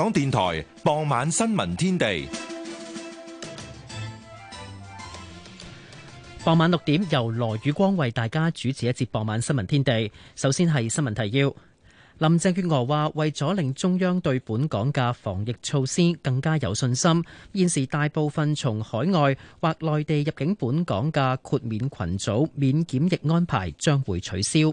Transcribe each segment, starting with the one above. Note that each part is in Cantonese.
港電台傍晚新聞天地，傍晚六點由羅宇光為大家主持一節傍晚新聞天地。首先係新聞提要，林鄭月娥話為咗令中央對本港嘅防疫措施更加有信心，現時大部分從海外或內地入境本港嘅豁免群組免檢疫安排將會取消。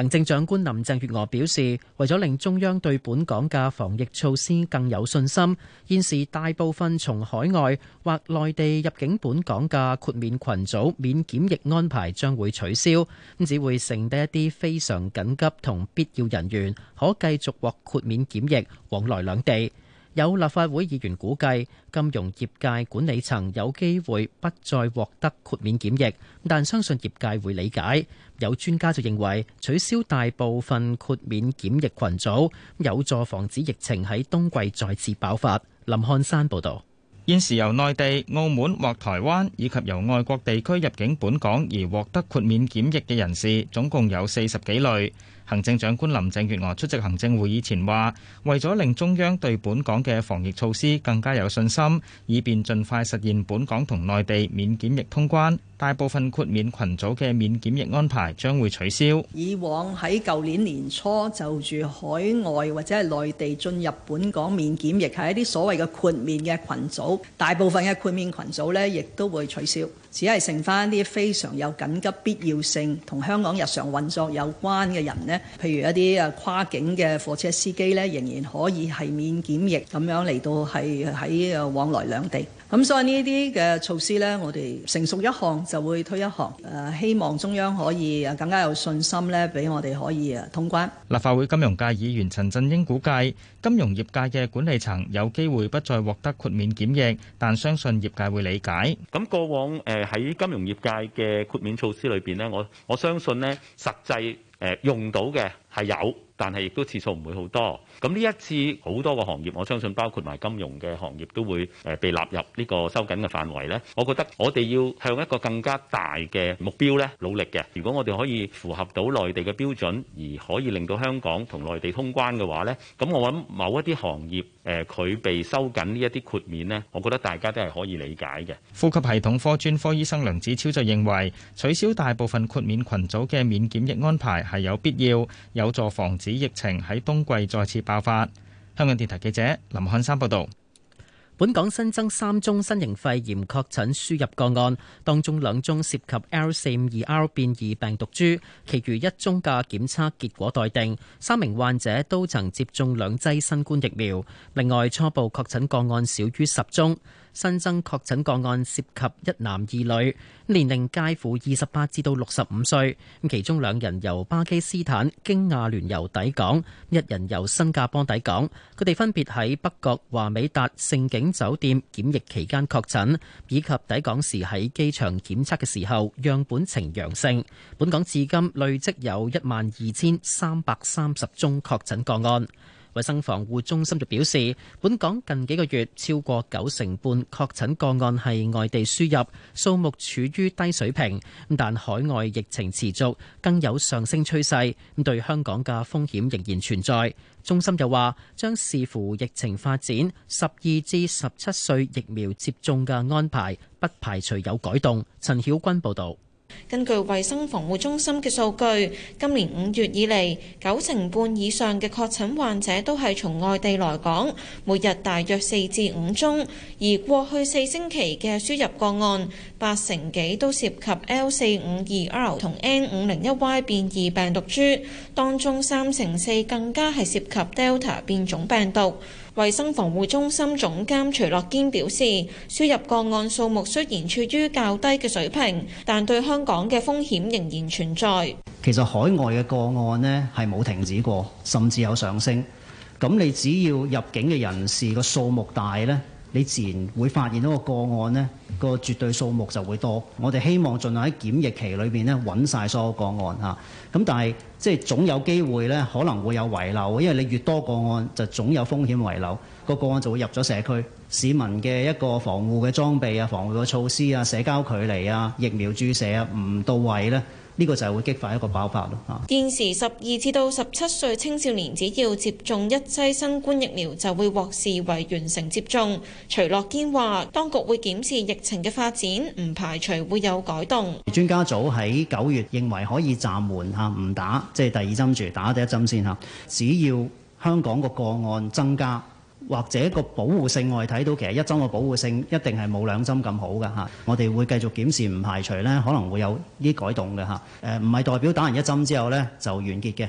行政長官林鄭月娥表示，為咗令中央對本港嘅防疫措施更有信心，現時大部分從海外或內地入境本港嘅豁免群組免檢疫安排將會取消，咁只會剩低一啲非常緊急同必要人員可繼續獲豁免檢疫往來兩地。有立法會議員估計，金融業界管理層有機會不再獲得豁免檢疫，但相信業界會理解。有專家就認為，取消大部分豁免檢疫群組，有助防止疫情喺冬季再次爆發。林漢山報導，現時由內地、澳門或台灣，以及由外國地區入境本港而獲得豁免檢疫嘅人士，總共有四十幾類。行政長官林鄭月娥出席行政會議前話：為咗令中央對本港嘅防疫措施更加有信心，以便盡快實現本港同內地免檢疫通關。大部分豁免群組嘅免檢疫安排將會取消。以往喺舊年年初就住海外或者係內地進入本港免檢疫，係一啲所謂嘅豁免嘅群組，大部分嘅豁免群組咧，亦都會取消，只係剩翻一啲非常有緊急必要性同香港日常運作有關嘅人咧。譬如一啲啊跨境嘅貨車司機咧，仍然可以係免檢疫咁樣嚟到係喺誒往來兩地。咁所以呢啲嘅措施咧，我哋成熟一項就會推一項誒、呃，希望中央可以誒更加有信心咧，俾我哋可以誒通關。立法會金融界議員陳振英估計，金融業界嘅管理層有機會不再獲得豁免檢疫，但相信業界會理解。咁過往誒喺金融業界嘅豁免措施裏邊咧，我我相信咧，實際誒用到嘅係有。但係亦都次數唔會好多。咁呢一次好多個行業，我相信包括埋金融嘅行業都會誒被納入呢個收緊嘅範圍呢。我覺得我哋要向一個更加大嘅目標咧努力嘅。如果我哋可以符合到內地嘅標準，而可以令到香港同內地通關嘅話呢，咁我諗某一啲行業。誒佢被收緊呢一啲豁免呢，我覺得大家都係可以理解嘅。呼吸系統科專科醫生梁子超就認為取消大部分豁免群組嘅免檢疫安排係有必要，有助防止疫情喺冬季再次爆發。香港電台記者林漢山報道。本港新增三宗新型肺炎確診輸入個案，當中兩宗涉及 L 四五二 R 變異病毒株，其餘一宗嘅檢測結果待定。三名患者都曾接種兩劑新冠疫苗。另外，初步確診個案少於十宗。新增確診個案涉及一男二女，年齡介乎二十八至到六十五歲。其中兩人由巴基斯坦經阿聯酋抵港，一人由新加坡抵港。佢哋分別喺北角華美達盛景酒店檢疫期間確診，以及抵港時喺機場檢測嘅時候樣本呈陽性。本港至今累積有一萬二千三百三十宗確診個案。衛生防護中心就表示，本港近幾個月超過九成半確診個案係外地輸入，數目處於低水平。但海外疫情持續，更有上升趨勢，咁對香港嘅風險仍然存在。中心又話，將視乎疫情發展，十二至十七歲疫苗接種嘅安排，不排除有改動。陳曉君報導。根據衛生防護中心嘅數據，今年五月以嚟，九成半以上嘅確診患者都係從外地來港，每日大約四至五宗。而過去四星期嘅輸入個案，八成幾都涉及 L 四五二 R 同 N 五零一 Y 變異病毒株，當中三成四更加係涉及 Delta 變種病毒。衛生防護中心總監徐樂堅表示，輸入個案數目雖然處於較低嘅水平，但對香港嘅風險仍然存在。其實海外嘅個案呢係冇停止過，甚至有上升。咁你只要入境嘅人士個數目大呢，你自然會發現嗰個個案呢，個絕對數目就會多。我哋希望盡量喺檢疫期裏邊咧揾晒所有個案嚇。咁、啊、但係即係總有機會咧，可能會有遺漏。因為你越多個案，就總有風險遺漏。個個案就會入咗社區，市民嘅一個防護嘅裝備啊、防護嘅措施啊、社交距離啊、疫苗注射啊唔到位咧。呢個就係會激發一個爆發咯。現時十二至到十七歲青少年只要接種一劑新冠疫苗就會獲視為完成接種。徐樂堅話，當局會檢視疫情嘅發展，唔排除會有改動。專家組喺九月認為可以暫緩嚇唔打，即係第二針住打第一針先嚇。只要香港個個案增加。或者個保護性，我哋睇到其實一針個保護性一定係冇兩針咁好嘅嚇。我哋會繼續檢視，唔排除咧可能會有呢啲改動嘅嚇。誒，唔係代表打完一針之後呢就完結嘅。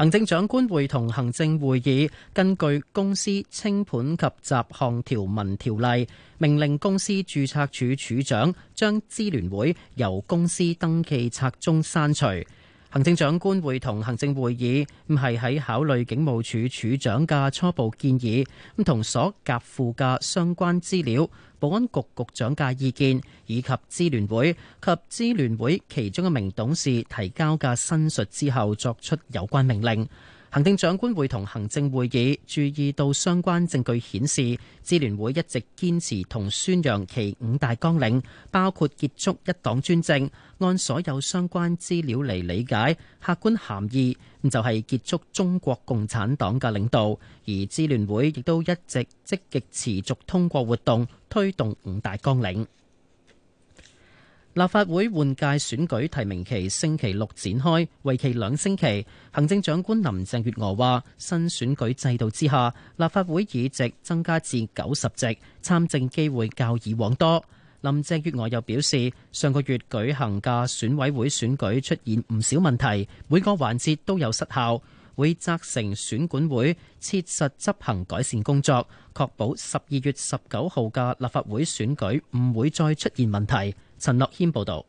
行政長官會同行政會議根據《公司清盤及雜項條文條例》，命令公司註冊處處長將支聯會由公司登記冊中刪除。行政長官會同行政會議，唔係喺考慮警務處處長嘅初步建議，咁同所夾附嘅相關資料、保安局局長嘅意見以及支聯會及支聯會其中一名董事提交嘅申述之後，作出有關命令。行政長官會同行政會議注意到相關證據顯示，支聯會一直堅持同宣揚其五大綱領，包括結束一黨專政。按所有相關資料嚟理解，客觀含義就係結束中國共產黨嘅領導。而支聯會亦都一直積極持續通過活動推動五大綱領。立法會換屆選舉提名期星期六展開，為期兩星期。行政長官林鄭月娥話，新選舉制度之下，立法會議席增加至九十席，參政機會較以往多。林鄭月娥又表示，上個月舉行嘅選委會選舉出現唔少問題，每個環節都有失效，會責成選管會切實執行改善工作，確保十二月十九號嘅立法會選舉唔會再出現問題。陳樂謙報道，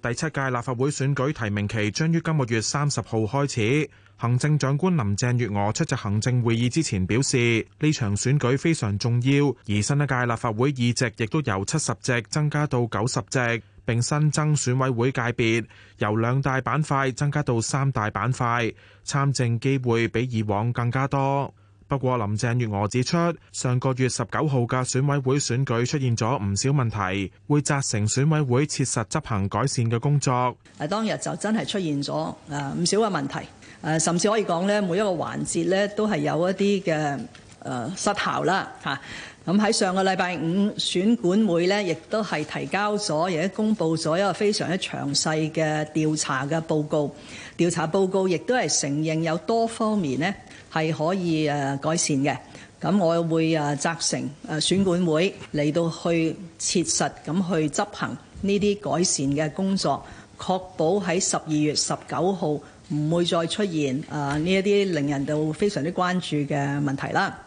第七屆立法會選舉提名期將於今個月三十號開始。行政長官林鄭月娥出席行政會議之前表示，呢場選舉非常重要。而新一屆立法會議席亦都由七十席增加到九十席，並新增選委會界別，由兩大板塊增加到三大板塊，參政機會比以往更加多。不過，林鄭月娥指出，上個月十九號嘅選委會選舉出現咗唔少問題，會責成選委會切實執行改善嘅工作。啊，當日就真係出現咗啊唔少嘅問題，誒甚至可以講呢，每一個環節呢都係有一啲嘅失效啦嚇。咁喺上個禮拜五，選管會咧亦都係提交咗，亦都公布咗一個非常之詳細嘅調查嘅報告。調查報告亦都係承認有多方面呢係可以誒改善嘅。咁我會誒責成誒選管會嚟到去切實咁去執行呢啲改善嘅工作，確保喺十二月十九號唔會再出現誒呢一啲令人到非常之關注嘅問題啦。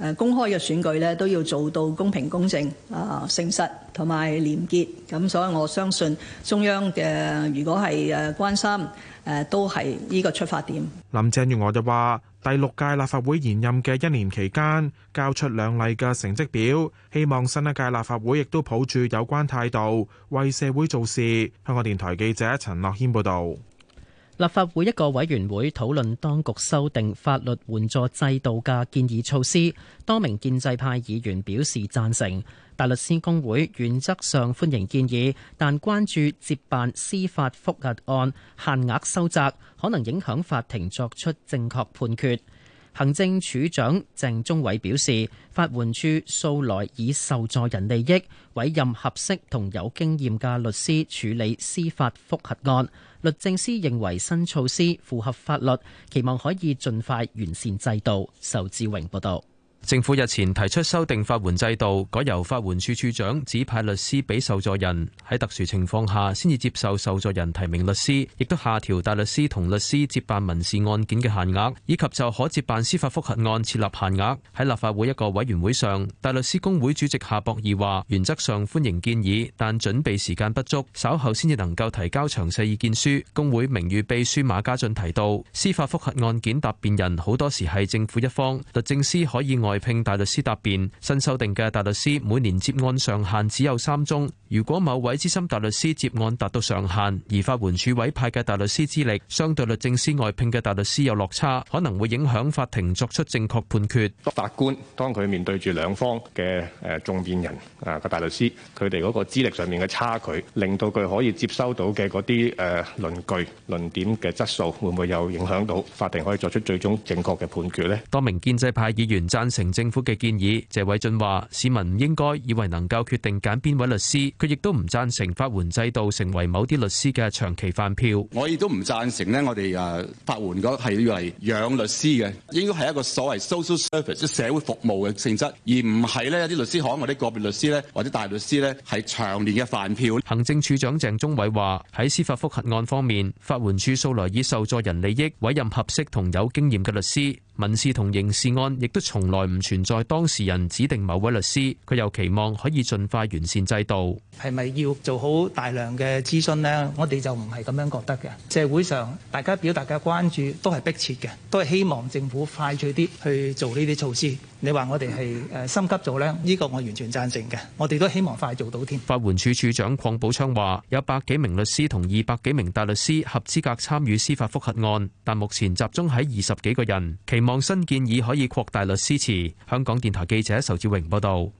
誒公開嘅選舉咧，都要做到公平、公正、啊誠實同埋廉潔。咁、啊、所以我相信中央嘅如果係誒關心誒、啊，都係呢個出發點。林鄭月娥就話：第六屆立法會延任嘅一年期間交出兩例嘅成績表，希望新一屆立法會亦都抱住有關態度為社會做事。香港電台記者陳樂軒報導。立法會一個委員會討論當局修訂法律援助制度嘅建議措施，多名建制派議員表示贊成。大律師公會原則上歡迎建議，但關注接辦司法複核案限額收窄，可能影響法庭作出正確判決。行政署長鄭中偉表示，法援處素來以受助人利益委任合適同有經驗嘅律師處理司法複核案。律政司認為新措施符合法律，期望可以盡快完善制度。仇志榮報導。政府日前提出修訂法援制度，改由法援處處長指派律師俾受助人，喺特殊情況下先至接受受助人提名律師，亦都下調大律師同律師接辦民事案件嘅限額，以及就可接辦司法復核案設立限額。喺立法會一個委員會上，大律師公會主席夏博義話，原則上歡迎建議，但準備時間不足，稍後先至能夠提交詳細意見書。公會名譽秘書馬家進提到，司法復核案件答辯人好多時係政府一方，律政司可以外外聘大律師答辯，新修訂嘅大律師每年接案上限只有三宗。如果某位資深大律師接案達到上限，而法援署委派嘅大律師資歷相對律政司外聘嘅大律師有落差，可能會影響法庭作出正確判決。法官當佢面對住兩方嘅誒，訟辯人啊個大律師，佢哋嗰個資歷上面嘅差距，令到佢可以接收到嘅嗰啲誒論據、論點嘅質素，會唔會有影響到法庭可以作出最終正確嘅判決咧？多名建制派議員贊成政府嘅建議，謝偉俊話：市民唔應該以為能夠決定揀邊位律師，佢亦都唔贊成法援制度成為某啲律師嘅長期飯票。我亦都唔贊成呢我哋誒法援嗰係要嚟養律師嘅，應該係一個所謂 social service 即社會服務嘅性質，而唔係呢，有啲律師行或者個別律師呢，或者大律師呢，係長年嘅飯票。行政處長鄭中偉話：喺司法覆核案方面，法援處素來以受助人利益委任合適同有經驗嘅律師。民事同刑事案亦都從來唔存在當事人指定某位律師，佢又期望可以盡快完善制度。係咪要做好大量嘅諮詢呢？我哋就唔係咁樣覺得嘅。社會上大家表達嘅關注都係迫切嘅，都係希望政府快脆啲去做呢啲措施。你話我哋係誒心急做呢，呢個我完全贊成嘅。我哋都希望快啲做到添。法援處處長鄺寶昌話：有百幾名律師同二百幾名大律師合資格參與司法複核案，但目前集中喺二十幾個人，期望新建議可以擴大律師池。香港電台記者仇志榮報道。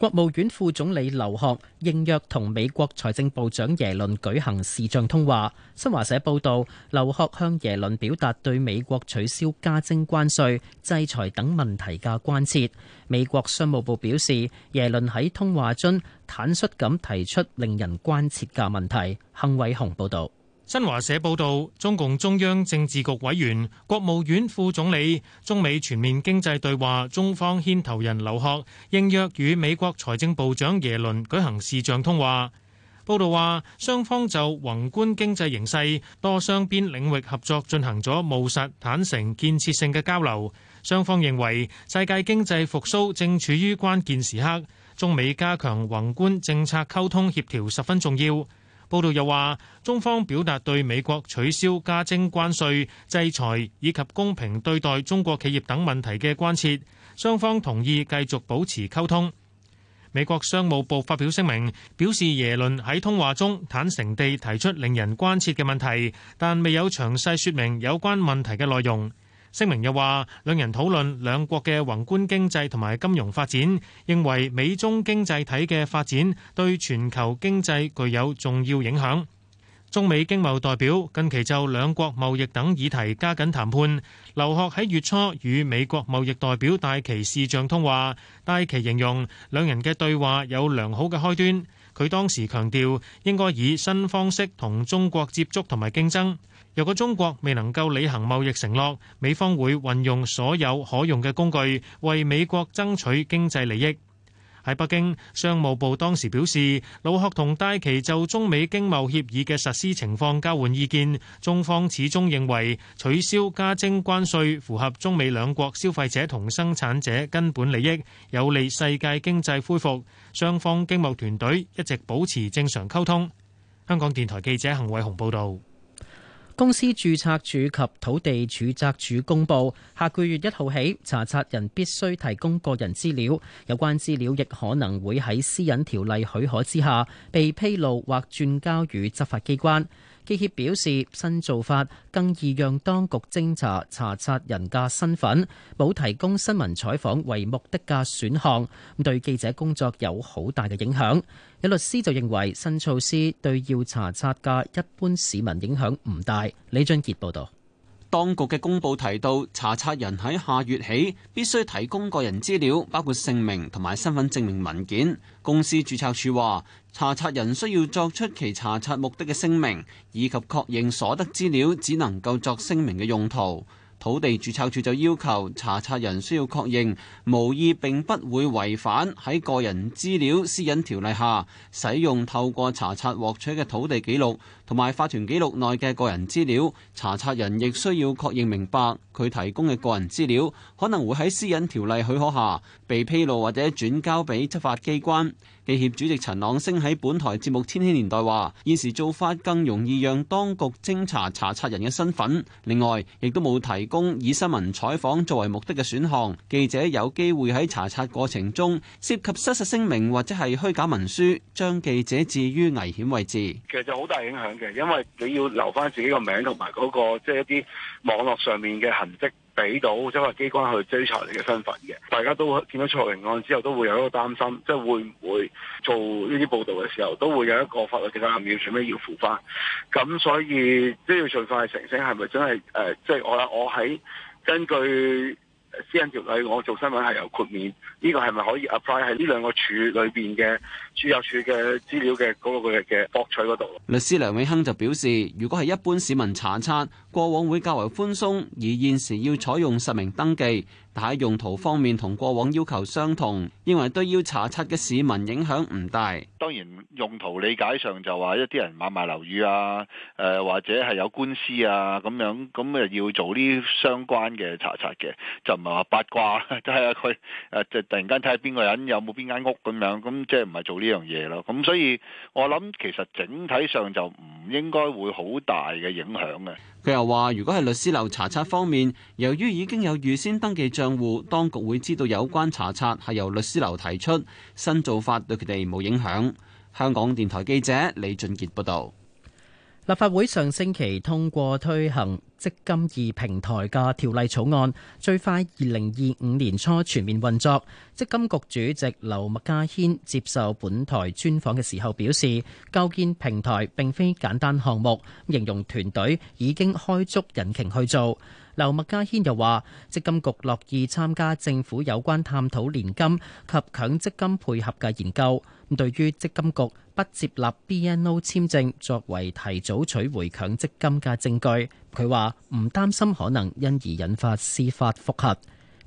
國務院副總理劉鶴應約同美國財政部長耶倫舉行視像通話。新華社報道，劉鶴向耶倫表達對美國取消加徵關稅、制裁等問題嘅關切。美國商務部表示，耶倫喺通話中坦率咁提出令人關切嘅問題。幸偉雄報道。新華社報道，中共中央政治局委員、國務院副總理、中美全面經濟對話中方牽頭人劉鶴應約與美國財政部長耶倫舉行視像通話。報道話，雙方就宏觀經濟形勢，多雙邊領域合作進行咗務實、坦誠、建設性嘅交流。雙方認為，世界經濟復蘇正處於關鍵時刻，中美加強宏觀政策溝通協調十分重要。報道又話，中方表達對美國取消加徵關稅、制裁以及公平對待中國企業等問題嘅關切，雙方同意繼續保持溝通。美國商務部發表聲明，表示耶倫喺通話中坦誠地提出令人關切嘅問題，但未有詳細說明有關問題嘅內容。聲明又話，兩人討論兩國嘅宏觀經濟同埋金融發展，認為美中經濟體嘅發展對全球經濟具有重要影響。中美經貿代表近期就兩國貿易等議題加緊談判。劉鶴喺月初與美國貿易代表戴琪視像通話，戴琪形容兩人嘅對話有良好嘅開端。佢當時強調，應該以新方式同中國接觸同埋競爭。若果中國未能夠履行貿易承諾，美方會運用所有可用嘅工具，為美國爭取經濟利益。喺北京，商務部當時表示，劉鶴同戴琪就中美經貿協議嘅實施情況交換意見。中方始終認為取消加徵關稅符合中美兩國消費者同生產者根本利益，有利世界經濟恢復。雙方經貿團隊一直保持正常溝通。香港電台記者陳偉雄報道。公司註冊處及土地註冊處公佈，下個月一號起，查冊人必須提供個人資料，有關資料亦可能會喺私隱條例許可之下被披露或轉交予執法機關。記者表示，新做法更易讓當局偵查查冊人嘅身份，冇提供新聞採訪為目的嘅選項，對記者工作有好大嘅影響。有律師就認為，新措施對要查冊嘅一般市民影響唔大。李俊傑報導。當局嘅公佈提到，查冊人喺下月起必須提供個人資料，包括姓名同埋身份證明文件。公司註冊處話，查冊人需要作出其查冊目的嘅聲明，以及確認所得資料只能夠作聲明嘅用途。土地註冊處就要求查冊人需要確認，無意並不會違反喺個人資料私隱條例下使用透過查冊獲取嘅土地記錄，同埋法團記錄內嘅個人資料，查冊人亦需要確認明白佢提供嘅個人資料可能會喺私隱條例許可下被披露或者轉交俾執法機關。記協主席陳朗升喺本台節目《千禧年代》話：現時做法更容易讓當局偵查查冊人嘅身份。另外，亦都冇提供以新聞採訪作為目的嘅選項，記者有機會喺查冊過程中涉及失實聲明或者係虛假文書，將記者置於危險位置。其實就好大影響。因為你要留翻自己個名同埋嗰個，即係一啲網絡上面嘅痕跡，俾到執法機關去追查你嘅身份嘅。大家都見到蔡明案之後，都會有一個擔心，即係會唔會做呢啲報導嘅時候，都會有一個法律嘅壓力，最咩？要付翻。咁所以即係要盡快澄清，係咪真係誒？即係我我喺根據。私隱條例，我做新聞係有豁免，呢個係咪可以 apply 喺呢兩個處裏邊嘅處有處嘅資料嘅嗰個嘅嘅獲取嗰度？律師梁永亨就表示，如果係一般市民查冊。過往會較為寬鬆，而現時要採用實名登記，但喺用途方面同過往要求相同，認為對要查冊嘅市民影響唔大。當然用途理解上就話一啲人買賣樓宇啊，誒、呃、或者係有官司啊咁樣，咁誒要做啲相關嘅查冊嘅，就唔係話八卦，睇啊，佢誒即突然間睇下邊個人有冇邊間屋咁樣，咁即係唔係做呢樣嘢咯？咁所以我諗其實整體上就唔應該會好大嘅影響嘅。佢又話：如果係律師樓查冊方面，由於已經有預先登記帳戶，當局會知道有關查冊係由律師樓提出，新做法對佢哋冇影響。香港電台記者李俊傑報道。立法會上星期通過推行積金二平台嘅條例草案，最快二零二五年初全面運作。積金局主席劉麥嘉軒接受本台專訪嘅時候表示，構建平台並非簡單項目，形容團隊已經開足引擎去做。劉麥嘉軒又話，積金局樂意參加政府有關探討年金及強積金配合嘅研究。咁對於積金局不接納 BNO 簽證作為提早取回強積金嘅證據。佢話唔擔心可能因而引發司法複核。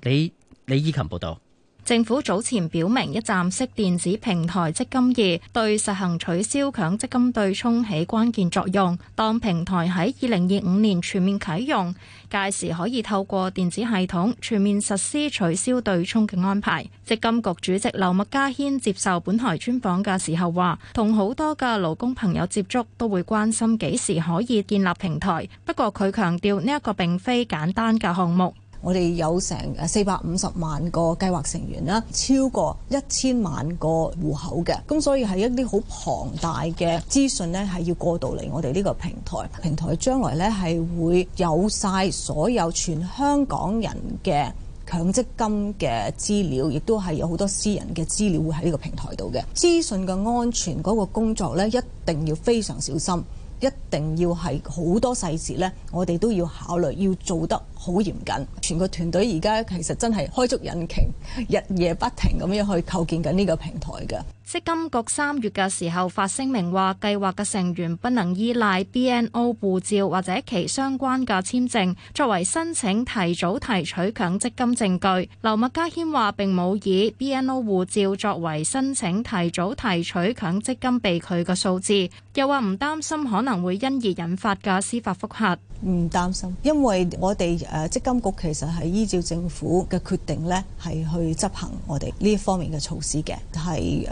李李依琴報道。政府早前表明，一站式電子平台積金易對實行取消強積金對沖起關鍵作用。當平台喺二零二五年全面啟用，屆時可以透過電子系統全面實施取消對沖嘅安排。積金局主席劉麥嘉軒接受本台專訪嘅時候話，同好多嘅勞工朋友接觸都會關心幾時可以建立平台。不過，佢強調呢一個並非簡單嘅項目。我哋有成四百五十萬個計劃成員啦，超過一千萬個戶口嘅，咁所以係一啲好龐大嘅資訊咧，係要過渡嚟我哋呢個平台。平台將來咧係會有晒所有全香港人嘅強積金嘅資料，亦都係有好多私人嘅資料會喺呢個平台度嘅。資訊嘅安全嗰個工作咧，一定要非常小心，一定要係好多細節咧，我哋都要考慮，要做得好嚴謹，全個團隊而家其實真係開足引擎，日夜不停咁樣去構建緊呢個平台㗎。積金局三月嘅時候發聲明話，計劃嘅成員不能依賴 BNO 護照或者其相關嘅簽證作為申請提早提取強積金證據。劉麥嘉軒話並冇以 BNO 護照作為申請提早提取強積金被拒嘅數字，又話唔擔心可能會因而引發嘅司法覆核。唔擔心，因為我哋誒積金局其實係依照政府嘅決定咧，係去執行我哋呢一方面嘅措施嘅，係誒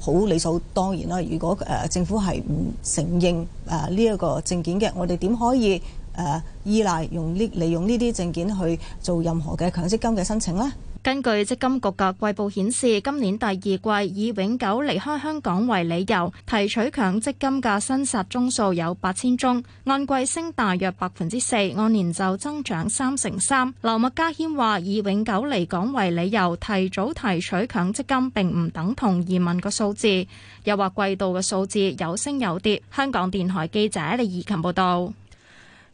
好理所當然啦。如果誒、呃、政府係唔承認誒呢一個證件嘅，我哋點可以誒、呃、依賴用呢利用呢啲證件去做任何嘅強積金嘅申請咧？根據積金局嘅季報顯示，今年第二季以永久離開香港為理由提取強積金嘅申索宗數有八千宗，按季升大約百分之四，按年就增長三成三。劉麥嘉軒話：以永久離港為理由提早提取強積金並唔等同移民嘅數字，又話季度嘅數字有升有跌。香港電台記者李怡琴報道。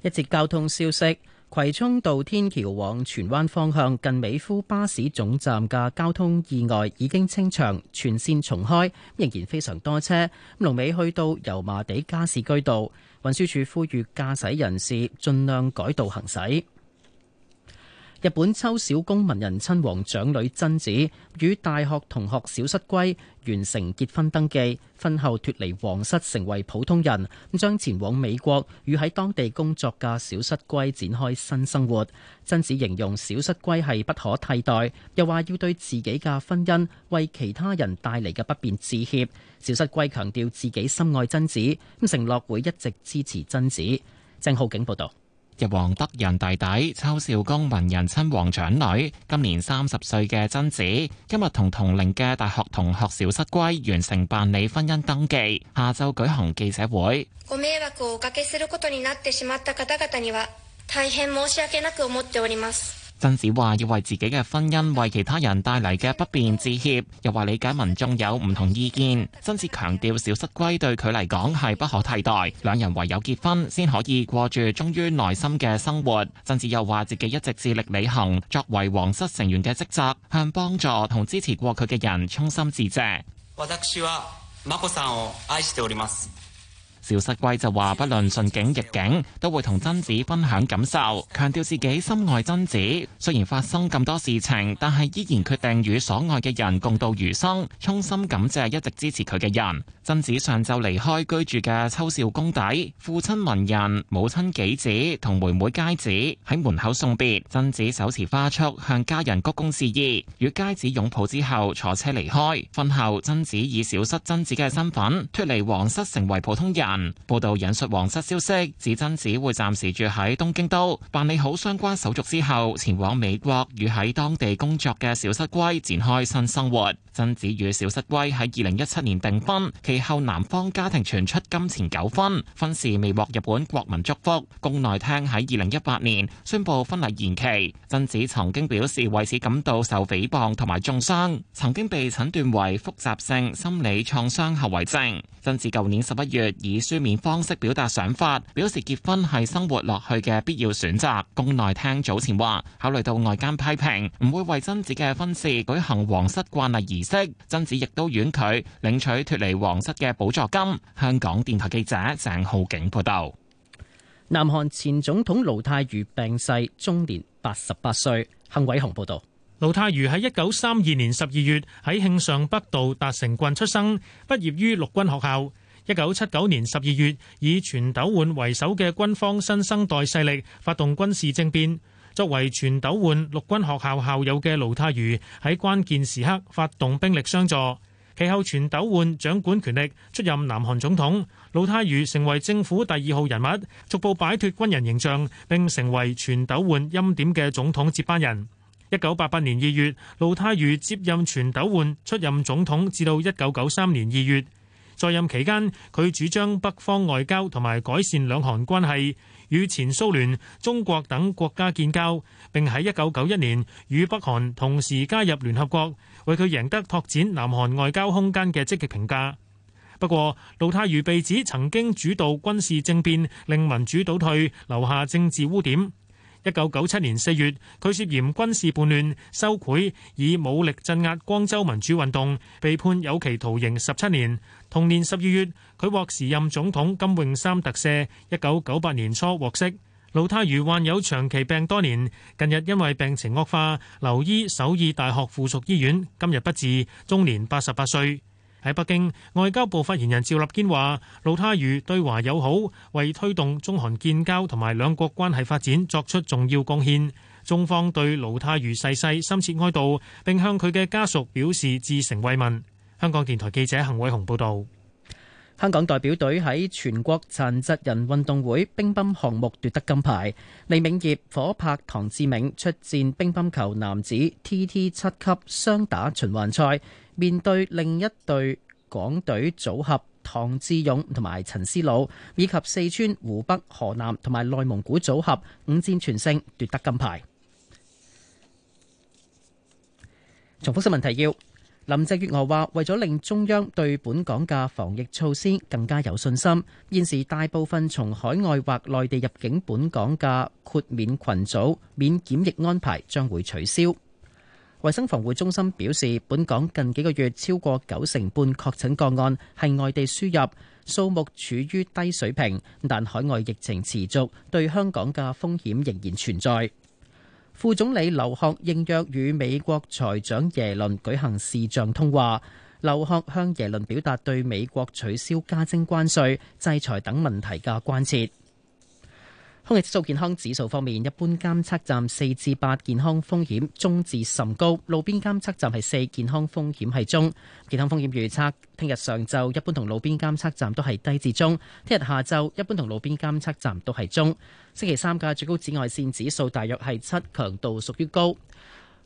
一節交通消息。葵涌道天橋往荃灣方向近美孚巴士總站嘅交通意外已經清場，全線重開，仍然非常多車。咁龍尾去到油麻地加士居道，運輸署呼籲駕駛人士盡量改道行駛。日本秋小宮文仁親王長女真子與大學同學小室圭完成結婚登記，婚後脫離皇室成為普通人，將前往美國與喺當地工作嘅小室圭展開新生活。真子形容小室圭係不可替代，又話要對自己嘅婚姻為其他人帶嚟嘅不便致歉。小室圭強調自己深愛真子，咁承諾會一直支持真子。鄭浩景報道。日王德仁弟弟、秋少公文人親王長女，今年三十歲嘅曾子，今日同同齡嘅大學同學小失圭完成辦理婚姻登記，下晝舉行記者會。 真子話：要為自己嘅婚姻為其他人帶嚟嘅不便致歉，又話理解民眾有唔同意見。真子強調小室圭對佢嚟講係不可替代，兩人唯有結婚先可以過住忠於內心嘅生活。真子又話：自己一直致力履行作為皇室成員嘅職責，向幫助同支持過佢嘅人衷心致謝。小室圭就話：不論順境逆境，都會同真子分享感受，強調自己深愛真子。雖然發生咁多事情，但係依然決定與所愛嘅人共度餘生，衷心感謝一直支持佢嘅人。真子上晝離開居住嘅秋篠宮邸，父親文仁、母親紀子同妹妹佳子喺門口送別。真子手持花束向家人鞠躬致意，與佳子擁抱之後坐車離開。婚後真子以小室真子嘅身份脱離皇室，成為普通人。報道引述皇室消息，指真子會暫時住喺東京都，辦理好相關手續之後，前往美國與喺當地工作嘅小室圭展開新生活。真子與小室圭喺二零一七年訂婚，其後男方家庭傳出金錢糾紛，婚事未獲日本國民祝福。宮內廳喺二零一八年宣布婚禮延期。真子曾經表示為此感到受誹謗同埋重傷，曾經被診斷為複雜性心理創傷後遺症。真子舊年十一月以書面方式表達想法，表示結婚係生活落去嘅必要選擇。宮內廳早前話，考慮到外間批評，唔會為真子嘅婚事舉行皇室慣例儀式。真子亦都婉拒領取脱離皇室嘅補助金。香港電台記者鄭浩景報道。南韓前總統盧泰愚病逝，終年八十八歲。幸偉雄報道。盧泰愚喺一九三二年十二月喺慶尚北道達成郡出生，畢業於陸軍學校。一九七九年十二月，以全斗煥為首嘅軍方新生代勢力發動軍事政變。作為全斗煥陸軍學校校友嘅盧泰愚喺關鍵時刻發動兵力相助。其後全斗煥掌管權力，出任南韓總統。盧泰愚成為政府第二號人物，逐步擺脫軍人形象，並成為全斗煥欽點嘅總統接班人。一九八八年二月，盧泰愚接任全斗煥出任總統，至到一九九三年二月。在任期間，佢主張北方外交同埋改善兩韓關係，與前蘇聯、中國等國家建交，並喺一九九一年與北韓同時加入聯合國，為佢贏得拓展南韓外交空間嘅積極評價。不過，盧泰愚被指曾經主導軍事政變，令民主倒退，留下政治污點。一九九七年四月，佢涉嫌軍事叛亂、收賄以武力鎮壓光州民主運動，被判有期徒刑十七年。同年十二月，佢獲時任總統金泳三特赦。一九九八年初獲釋。盧泰愚患有長期病多年，近日因為病情惡化，留醫首爾大學附屬醫院。今日不治，終年八十八歲。喺北京，外交部發言人趙立堅話盧泰愚對華友好，為推動中韓建交同埋兩國關係發展作出重要貢獻，中方對盧泰愚逝世深切哀悼，並向佢嘅家屬表示致誠慰問。香港電台記者幸偉雄報道。香港代表隊喺全國殘疾人運動會乒乓項目奪得金牌。李銘業、火拍、唐志銘出戰乒乓球男子 TT 七級雙打循環賽。面對另一隊港隊組合唐志勇同埋陳思魯，以及四川、湖北、河南同埋內蒙古組合五戰全勝奪得金牌。重複新聞提要，林鄭月娥話：為咗令中央對本港嘅防疫措施更加有信心，現時大部分從海外或內地入境本港嘅豁免羣組免檢疫安排將會取消。衛生防護中心表示，本港近幾個月超過九成半確診個案係外地輸入，數目處於低水平。但海外疫情持續，對香港嘅風險仍然存在。副總理劉鶴應約與美國財長耶倫舉行視像通話，劉鶴向耶倫表達對美國取消加徵關稅、制裁等問題嘅關切。空氣質素健康指數方面，一般監測站四至八健康風險中至甚高，路邊監測站係四健康風險係中。健康風險預測聽日上晝一般同路邊監測站都係低至中，聽日下晝一般同路邊監測站都係中。星期三嘅最高紫外線指數大約係七，強度屬於高。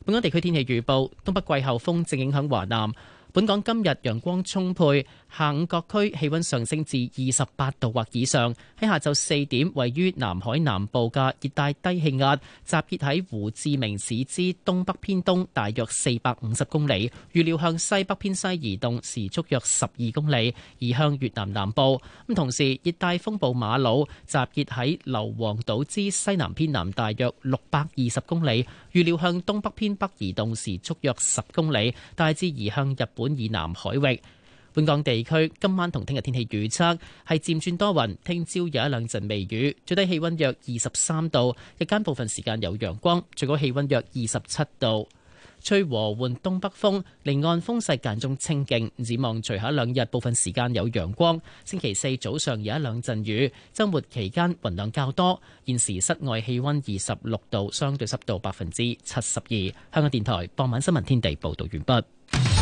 本港地區天氣預報，東北季候風正影響華南。本港今日陽光充沛，下午各區氣溫上升至二十八度或以上。喺下晝四點，位於南海南部嘅熱帶低氣壓，集結喺胡志明市之東北偏東，大約四百五十公里。預料向西北偏西移動，時速約十二公里，移向越南南部。咁同時，熱帶風暴馬魯集結喺硫磺島之西南偏南，大約六百二十公里。預料向東北偏北移動，時速約十公里，大致移向日本以南海域，本港地區今晚同聽日天氣預測係漸轉多雲，聽朝有一兩陣微雨，最低氣溫約二十三度，日間部分時間有陽光，最高氣温約二十七度，吹和緩東北風，離岸風勢間中清勁。展望，隨後兩日部分時間有陽光，星期四早上有一兩陣雨，周末期間雲量較多。現時室外氣温二十六度，相對濕度百分之七十二。香港電台傍晚新聞天地報道完畢。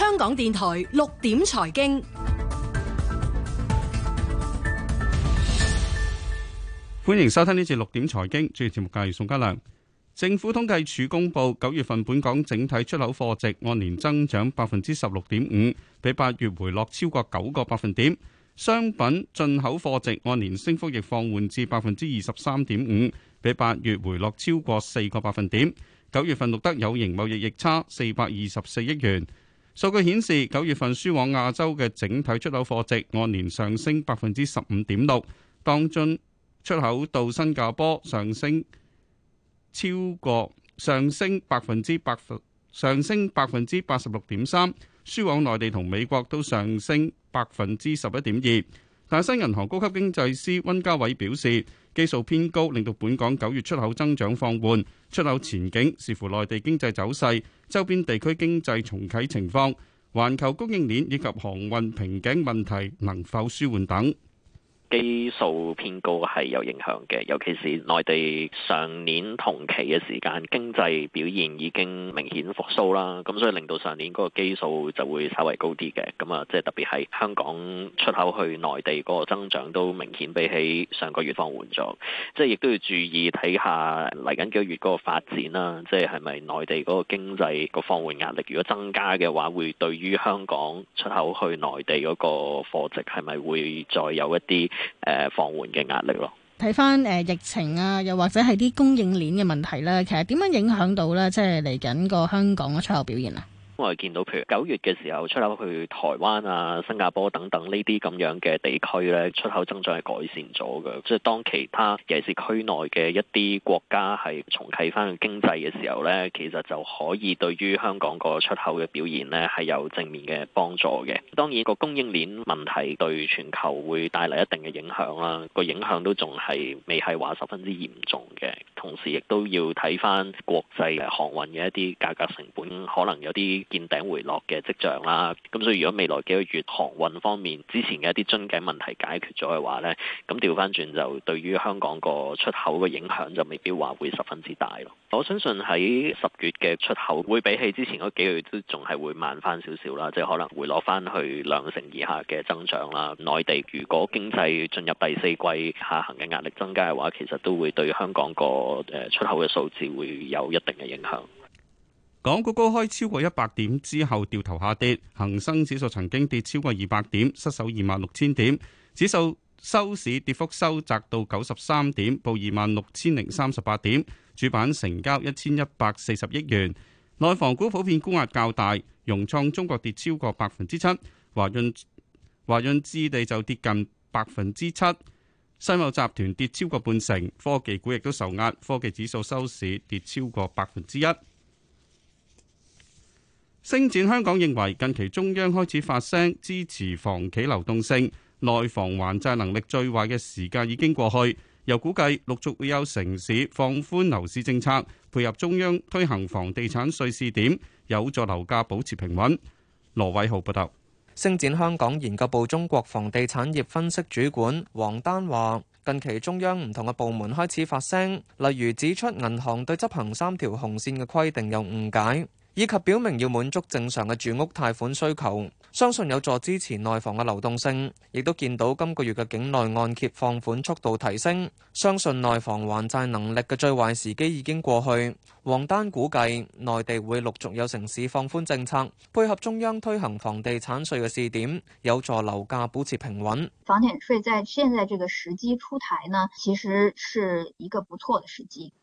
香港電台六點財經，歡迎收聽呢次六點財經。主持節目嘅係宋嘉良。政府統計處公布九月份本港整體出口貨值按年增長百分之十六點五，比八月回落超過九個百分點。商品進口貨值按年升幅亦放緩至百分之二十三點五，比八月回落超過四個百分點。九月份錄得有形貿易逆差四百二十四億元。數據顯示，九月份輸往亞洲嘅整體出口貨值按年上升百分之十五點六，當中出口到新加坡上升超過上升百分之百分，上升百分之八十六點三，輸往內地同美國都上升百分之十一點二。大新銀行高級經濟師温家偉表示，基數偏高，令到本港九月出口增長放緩，出口前景視乎內地經濟走勢、周邊地區經濟重啟情況、環球供應鏈以及航運瓶頸問題能否舒緩等。基數偏高係有影響嘅，尤其是內地上年同期嘅時間經濟表現已經明顯復甦啦，咁所以令到上年嗰個基數就會稍微高啲嘅，咁啊，即係特別係香港出口去內地嗰個增長都明顯比起上個月放緩咗，即係亦都要注意睇下嚟緊幾個月嗰個發展啦，即係係咪內地嗰個經濟個放緩壓力如果增加嘅話，會對於香港出口去內地嗰個貨值係咪會再有一啲？誒，放緩嘅壓力咯。睇翻，誒疫情啊，又或者係啲供應鏈嘅問題啦。其實點樣影響到咧，即係嚟緊個香港嘅出口表現啊？我見到譬如九月嘅時候出口去台灣啊、新加坡等等呢啲咁樣嘅地區咧，出口增長係改善咗嘅。即係當其他尤其是區內嘅一啲國家係重啟翻嘅經濟嘅時候咧，其實就可以對於香港個出口嘅表現咧係有正面嘅幫助嘅。當然個供應鏈問題對全球會帶嚟一定嘅影響啦，個影響都仲係未係話十分之嚴重嘅。同時亦都要睇翻國際航運嘅一啲價格成本，可能有啲見頂回落嘅跡象啦，咁所以如果未來幾個月航運方面之前嘅一啲樽頸問題解決咗嘅話呢，咁調翻轉就對於香港個出口嘅影響就未必話會十分之大咯。我相信喺十月嘅出口會比起之前嗰幾個月都仲係會慢翻少少啦，即係可能回落翻去兩成以下嘅增長啦。內地如果經濟進入第四季下行嘅壓力增加嘅話，其實都會對香港個誒出口嘅數字會有一定嘅影響。港股高開超過一百點之後掉頭下跌，恒生指數曾經跌超過二百點，失守二萬六千點，指數收市跌幅收窄到九十三點，報二萬六千零三十八點，主板成交一千一百四十億元。內房股普遍沽壓較大，融創中國跌超過百分之七，華潤華潤置地就跌近百分之七，世茂集團跌超過半成，科技股亦都受壓，科技指數收市跌超過百分之一。星展香港認為，近期中央開始發聲支持房企流動性，內房還債能力最壞嘅時間已經過去。又估計陸續會有城市放寬樓市政策，配合中央推行房地產稅試點，有助樓價保持平穩。羅偉豪報道。星展香港研究部中國房地產業分析主管黃丹話，近期中央唔同嘅部門開始發聲，例如指出銀行對執行三條紅線嘅規定有誤解。以及表明要滿足正常嘅住屋貸款需求，相信有助支持內房嘅流動性，亦都見到今個月嘅境內按揭放款速度提升，相信內房還債能力嘅最壞時機已經過去。黃丹估計內地會陸續有城市放寬政策，配合中央推行房地產稅嘅試點，有助樓價保持平穩。房產稅在現在這個時機出台呢，其實，是一個不錯的時機。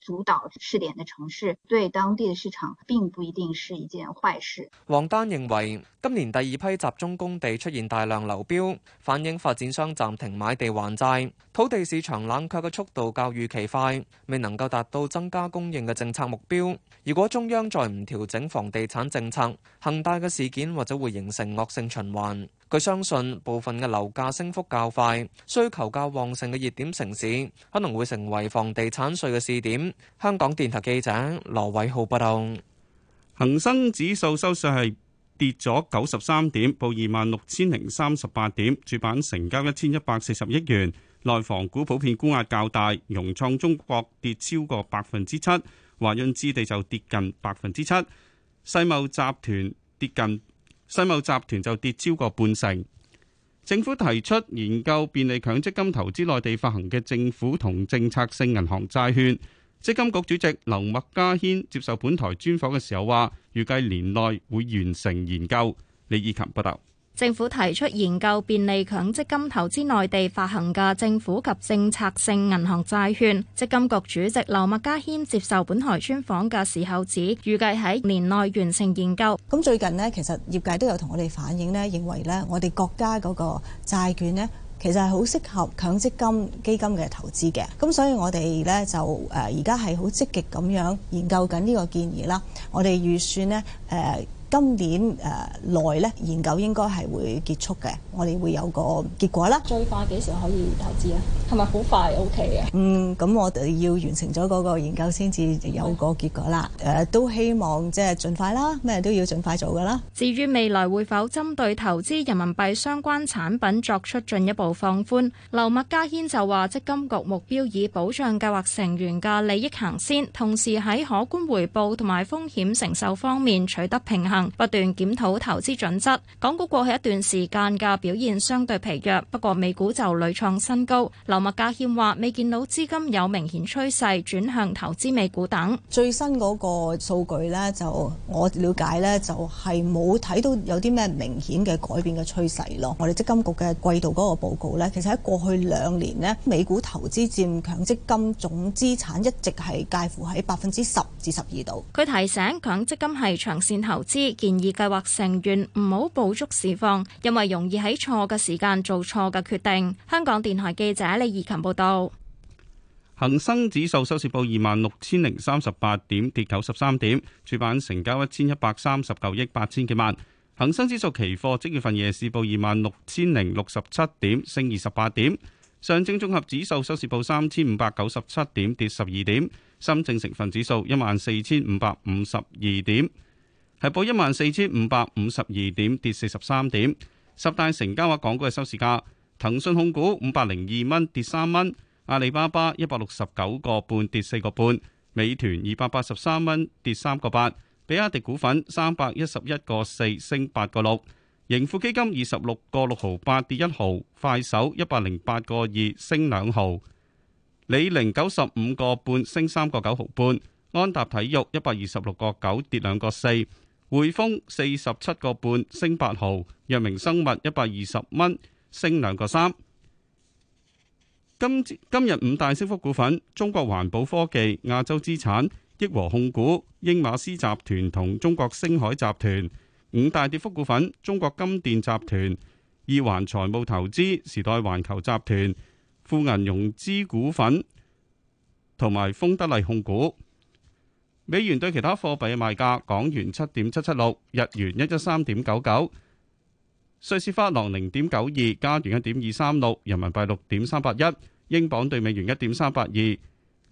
主導試點嘅城市對當地嘅市場並不一定是一件壞事。黃丹認為，今年第二批集中供地出現大量流標，反映發展商暫停買地還債，土地市場冷卻嘅速度較預期快，未能夠達到增加供應嘅政策目標。如果中央再唔調整房地產政策，恒大嘅事件或者會形成惡性循環。佢相信部分嘅樓價升幅較快、需求較旺盛嘅熱點城市可能會成為房地產稅嘅試點。香港電台記者羅偉浩報道。恒生指數收市係跌咗九十三點，報二萬六千零三十八點。主板成交一千一百四十億元。內房股普遍沽壓較大，融創中國跌超過百分之七，華潤置地就跌近百分之七，世茂集團跌近。世貿集團就跌超過半成。政府提出研究便利強積金投資內地發行嘅政府同政策性銀行債券。積金局主席劉麥嘉軒接受本台專訪嘅時候話，預計年內會完成研究。李以琴報道。政府提出研究便利強積金投資內地發行嘅政府及政策性銀行債券。積金局主席劉麥嘉軒接受本台專訪嘅時候指，預計喺年內完成研究。咁最近呢，其實業界都有同我哋反映呢，認為呢，我哋國家嗰個債券呢，其實係好適合強積金基金嘅投資嘅。咁所以我哋呢，就誒而家係好積極咁樣研究緊呢個建議啦。我哋預算呢，誒，今年誒內咧研究應該係會結束嘅，我哋會有個結果啦。最快幾時可以投資啊，係咪好快？O K 嘅。Okay、嗯，咁我哋要完成咗嗰個研究先至有個結果啦。誒是、呃、都希望即係盡快啦，咩都要盡快做噶啦。至於未來會否針對投資人民幣相關產品作出進一步放寬，劉麥嘉軒就話積金局目標以保障計劃成員嘅利益行先，同時喺可觀回報同埋風險承受方面取得平衡。不斷檢討投資準則。港股過去一段時間嘅表現相對疲弱，不過美股就屢創新高。劉麥家謙話，未見到資金有明顯趨勢轉向投資美股等。最新嗰個數據呢，就我了解呢，就係冇睇到有啲咩明顯嘅改變嘅趨勢咯。我哋積金局嘅季度嗰個報告呢，其實喺過去兩年呢，美股投資佔強積金總資產一直係介乎喺百分之十至十二度。佢提醒：強積金係長線投資。建議計劃成員唔好捕捉市況，因為容易喺錯嘅時間做錯嘅決定。香港電台記者李怡勤報道。恒生指數收市報二萬六千零三十八點，跌九十三點。主板成交一千一百三十九億八千幾萬。恒生指數期貨即月份夜市報二萬六千零六十七點，升二十八點。上證綜合指數收市報三千五百九十七點，跌十二點。深證成分指數一萬四千五百五十二點。係報一萬四千五百五十二點，跌四十三點。十大成交額港股嘅收市價：騰訊控股五百零二蚊，跌三蚊；阿里巴巴一百六十九個半，跌四個半；美團二百八十三蚊，跌三個八；比亞迪股份三百一十一個四，升八個六；盈富基金二十六個六毫八，跌一毫；快手一百零八個二，升兩毫；李寧九十五個半，升三個九毫半；安踏體育一百二十六個九，跌兩個四。匯豐四十七個半，升八毫，藥明生物一百二十蚊，升兩個三。今今日五大升幅股份：中國環保科技、亞洲資產、益和控股、英馬斯集團同中國星海集團；五大跌幅股份：中國金電集團、二環財務投資、時代環球集團、富銀融資股份同埋豐德麗控股。美元對其他貨幣嘅賣價，港元七點七七六，日元一一三點九九，瑞士法郎零點九二，加元一點二三六，人民幣六點三八一，英鎊對美元一點三八二，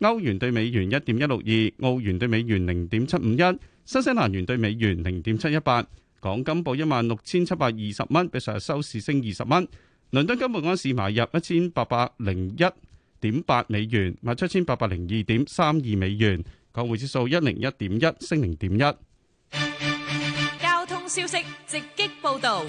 歐元對美元一點一六二，澳元對美元零點七五一，新西蘭元對美元零點七一八。港金報一萬六千七百二十蚊，比上日收市升二十蚊。倫敦金本安市買入一千八百零一點八美元，賣出一千八百零二點三二美元。恒指收一零一點一，升零點一。交通消息直擊報導。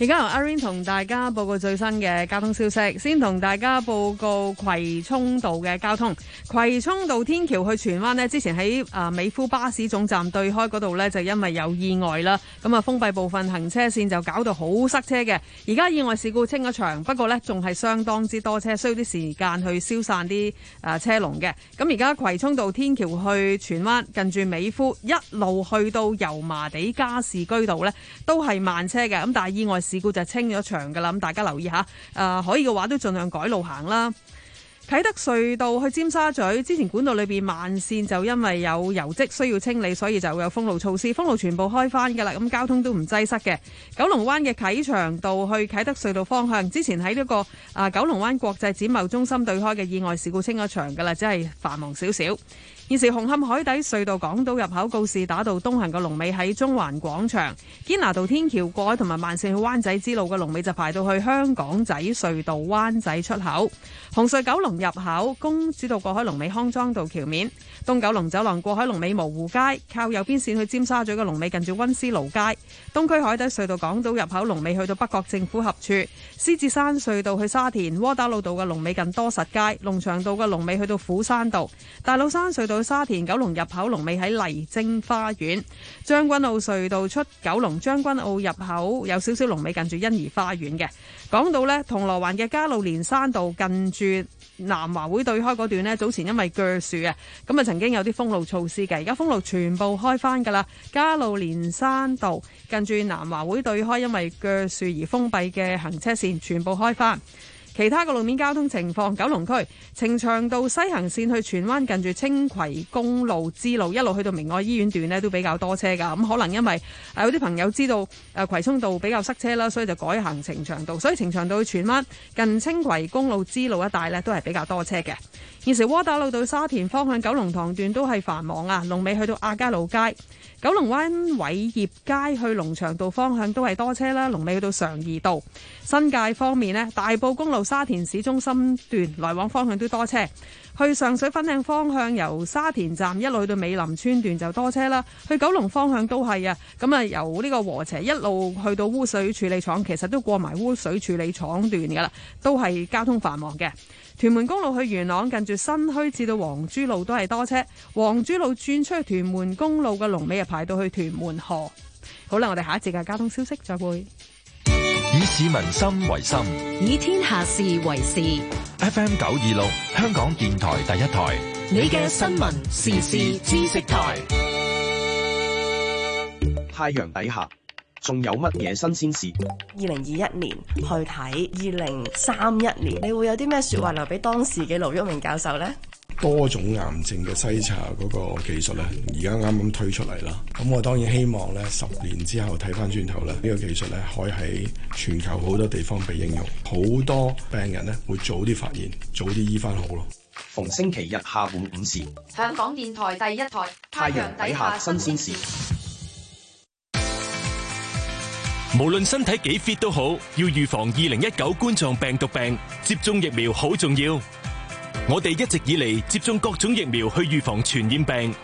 而家由阿 rain 同大家報告最新嘅交通消息。先同大家報告葵涌道嘅交通。葵涌道天橋去荃灣咧，之前喺啊美孚巴士總站對開度咧，就因為有意外啦，咁啊封閉部分行車線，就搞到好塞車嘅。而家意外事故清咗場，不過咧仲係相當之多車，需要啲時間去消散啲誒車龍嘅。咁而家葵涌道天橋去荃灣，近住美孚一路去到油麻地加士居道咧，都係慢車嘅。咁但係意外。事故就清咗場噶啦，咁大家留意下，誒、呃、可以嘅話都盡量改路行啦。啟德隧道去尖沙咀，之前管道裏邊慢線就因為有油漬需要清理，所以就會有封路措施，封路全部開翻噶啦，咁交通都唔擠塞嘅。九龍灣嘅啟祥道去啟德隧道方向，之前喺呢、這個誒、呃、九龍灣國際展貿中心對開嘅意外事故清咗場噶啦，只係繁忙少少。現時紅磡海底隧道港島入口告士打道東行嘅龍尾喺中環廣場堅拿道天橋過，同埋慢線去灣仔之路嘅龍尾就排到去香港仔隧道灣仔出口。紅隧九龍入口，公主道過海，龍尾康莊道橋面；東九龍走廊過海，龍尾蕪湖街，靠右邊線去尖沙咀嘅龍尾近住溫思勞街；東區海底隧道港島入口龍尾去到北角政府合處；獅子山隧道去沙田窩打老道嘅龍尾近多實街；龍翔道嘅龍尾去到虎山道；大老山隧道去沙田九龍入口龍尾喺麗晶花園；將軍澳隧道出九龍將軍澳入口有少少龍尾近住欣怡花園嘅。講到呢，銅鑼灣嘅加路連山道近住南華會對開嗰段呢，早前因為鋸樹啊，咁啊曾經有啲封路措施嘅，而家封路全部開翻噶啦。加路連山道近住南華會對開，因為鋸樹而封閉嘅行車線全部開翻。其他嘅路面交通情況，九龍區呈祥道西行綫去荃灣近住青葵公路支路，一路去到明愛醫院段咧都比較多車，㗎、嗯。咁可能因為誒、啊、有啲朋友知道誒、啊、葵涌道比較塞車啦，所以就改行呈祥道，所以呈祥道去荃灣近青葵公路支路一帶咧都係比較多車嘅。現時窩打老道沙田方向九龍塘段都係繁忙啊，龍尾去到亞皆老街、九龍灣偉業街去啟祥道方向都係多車啦，龍尾去到常怡道。新界方面咧，大埔公路。沙田市中心段來往方向都多車，去上水粉嶺方向由沙田站一路去到美林村段就多車啦。去九龍方向都係啊，咁啊由呢個禾輋，一路去到污水處理廠，其實都過埋污水處理廠段噶啦，都係交通繁忙嘅。屯門公路去元朗近住新墟至到皇珠路都係多車，皇珠路轉出去屯門公路嘅龍尾啊排到去屯門河。好啦，我哋下一節嘅交通消息再會。市民心為心，以天下事為事。FM 九二六，香港電台第一台，你嘅新聞時事知識台。太陽底下仲有乜嘢新鮮事？二零二一年去睇二零三一年，你會有啲咩說話留俾當時嘅盧煜明教授呢？多種癌症嘅篩查嗰個技術咧，而家啱啱推出嚟啦。咁、嗯、我當然希望咧，十年之後睇翻轉頭咧，呢、這個技術咧可以喺全球好多地方被應用，好多病人咧會早啲發現，早啲醫翻好咯。逢星期日下午五時，香港電台第一台《太陽底下新鮮事》鮮事。無論身體幾 fit 都好，要預防二零一九冠狀病毒病，接種疫苗好重要。我哋一直以嚟接種各種疫苗去預防傳染病。